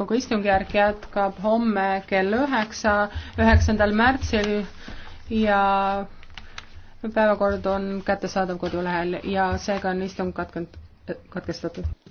täiskogu istungjärk jätkab homme kell üheksa, üheksandal märtsil ja päevakord on kättesaadav kodulehel ja seega on istung katkenud, katkestatud.